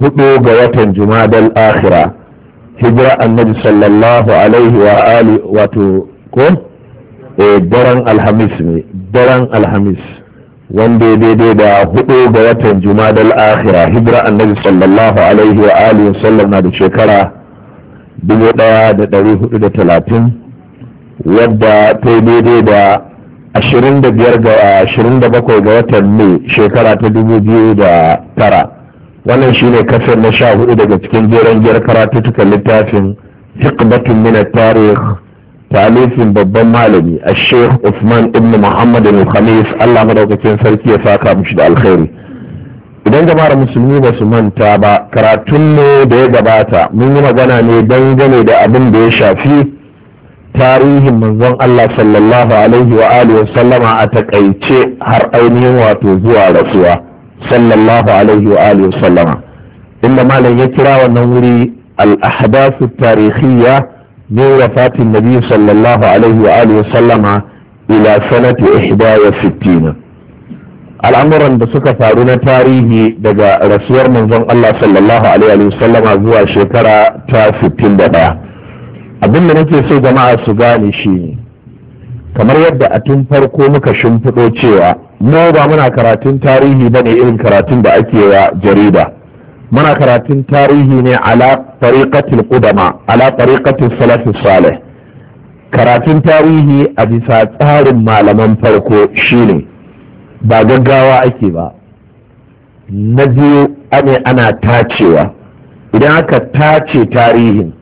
hudu ga watan jumadal akhira hijira annabi sallallahu alaihi wa ali wato ko eh, daren alhamis ne daren alhamis wanda daidai da hudu ga watan jumadal akhira hijira annabi sallallahu alaihi wa alihi sallam na da shekara da da talatin, wadda ta daidai da biyar ga ashirin da bakwai ga watan mai shekara ta dubu biyu da tara. wannan shine kasar na sha hudu daga cikin jeren jiyar karatuttukan littafin hikmatun min tarih talifin babban malami a sheikh usman ibn muhammad al-khamis allah madaukakin sarki ya saka mushi da alkhairi idan jama'ar musulmi ba su manta ba karatun ne da ya gabata mun yi magana ne dangane da abin da ya shafi tarihin manzon allah sallallahu alaihi wa alihi wa sallama a takaice har ainihin wato zuwa rasuwa sallallahu alaihi wa alihi sallama inda malam ya kira wannan wuri al-ahdathu tarikhiyya min wafatin nabi sallallahu alaihi wa alihi sallama ila sanati 61 al'amuran da suka faru na tarihi daga rasuwar manzon Allah sallallahu alaihi wa sallama zuwa shekara ta 61 abin da nake so jama'a su gane shi ne kamar yadda a tun farko muka shimfiɗo cewa mu ba muna karatun tarihi ba ne irin karatun da ake wa jarida muna karatun tarihi ne ala tariqatil ƙudama ala tariqatil salafi salih karatun tarihi a bisa tsarin malaman farko shine ba gaggawa ake ba na biyu ane ana tacewa idan aka tace tarihin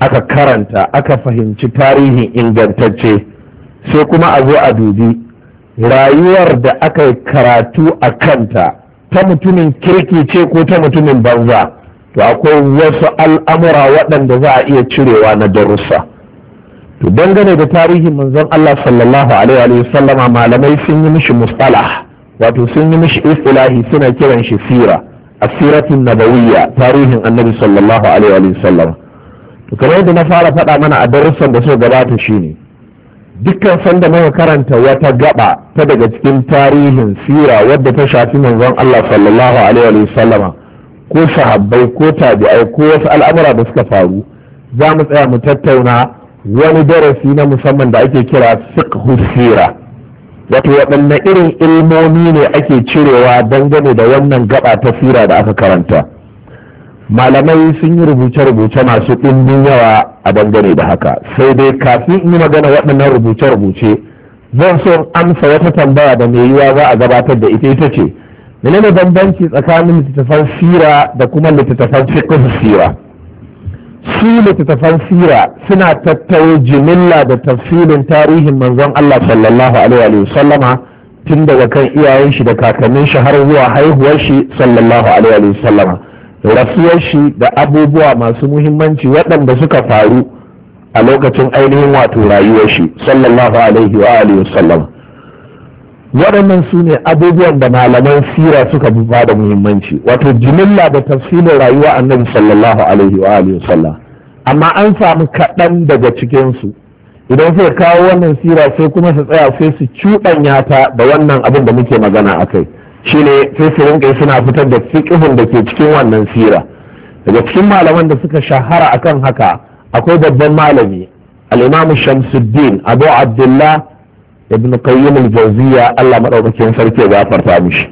aka karanta aka fahimci tarihin ingantacce sai kuma a zo a dubi rayuwar da aka yi karatu a kanta ta mutumin kirki ce ko ta mutumin banza to akwai wasu al'amura waɗanda za a iya cirewa na darussa to dangane da tarihin manzon Allah sallallahu alaihi wa sallama malamai sun yi mishi mustalah wato sun yi mishi istilahi suna kiran shi sira asiratun nabawiyya tarihin annabi sallallahu alaihi wa sallama to kamar yadda na fara faɗa mana a darussan da suka gabata shine dukkan sanda muka karanta wata gaba ta daga cikin tarihin sira wadda ta shafi manzon Allah sallallahu alaihi wa ko sahabbai ko tabi'ai ko wasu al'amura da suka faru za mu tsaya mu tattauna wani darasi na musamman da ake kira fiqhu sira wato waɗanne irin ilmomi ne ake cirewa dangane da wannan gaba ta sira da aka karanta malamai sun yi rubuce-rubuce masu ɗimbin yawa a dangane da haka sai dai kafin in yi magana waɗannan rubuce-rubuce zan so amsa wata tambaya da mai yiwa za a gabatar da ita ita ce menene bambanci tsakanin littattafan sira da kuma littattafan fiqh sira su littattafan sira suna tattaro jimilla da tafsirin tarihin manzon Allah sallallahu alaihi wa tun daga kan iyayen shi da kakannin shi har zuwa haihuwar shi sallallahu alaihi wa rafiyar shi da abubuwa masu muhimmanci waɗanda suka faru a lokacin ainihin wato rayuwar shi sallallahu alaihi wa alihi wasallam waɗannan su ne abubuwan da malaman sira suka fi ba da muhimmanci wato jimilla da tafsirin rayuwa annabi sallallahu alaihi wa alihi wasallam amma an samu kaɗan daga cikin su idan suka kawo wannan sira sai kuma su tsaya sai su cuɗanya ta da wannan abin da muke magana a kai shine sai su rinka suna fitar da fiqhun da ke cikin wannan sira daga cikin malaman da suka shahara akan haka akwai babban malami al-imam Shamsuddin Abu Abdullah ibn Qayyim al-Jawziyya Allah madaukakin sarki ya gafarta mishi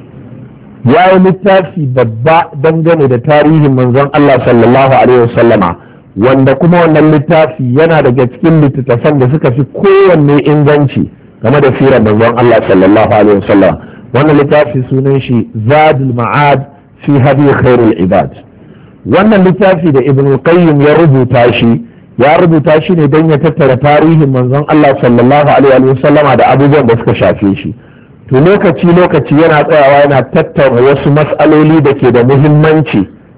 ya yi littafi babba dangane da tarihin manzon Allah sallallahu alaihi wasallama wanda kuma wannan littafi yana daga cikin littattafan da suka fi kowanne inganci game da sirar manzon Allah sallallahu alaihi wasallama wannan littafi sunan shi zadul ma'ad fi hadi khairul ibad wannan littafi da ibn qayyim ya rubuta shi ya rubuta shi ne don ya tattara tarihin manzon Allah sallallahu alaihi wa sallama da abubuwan da suka shafe shi to lokaci lokaci yana tsayawa yana tattauna wasu mas'aloli da ke da muhimmanci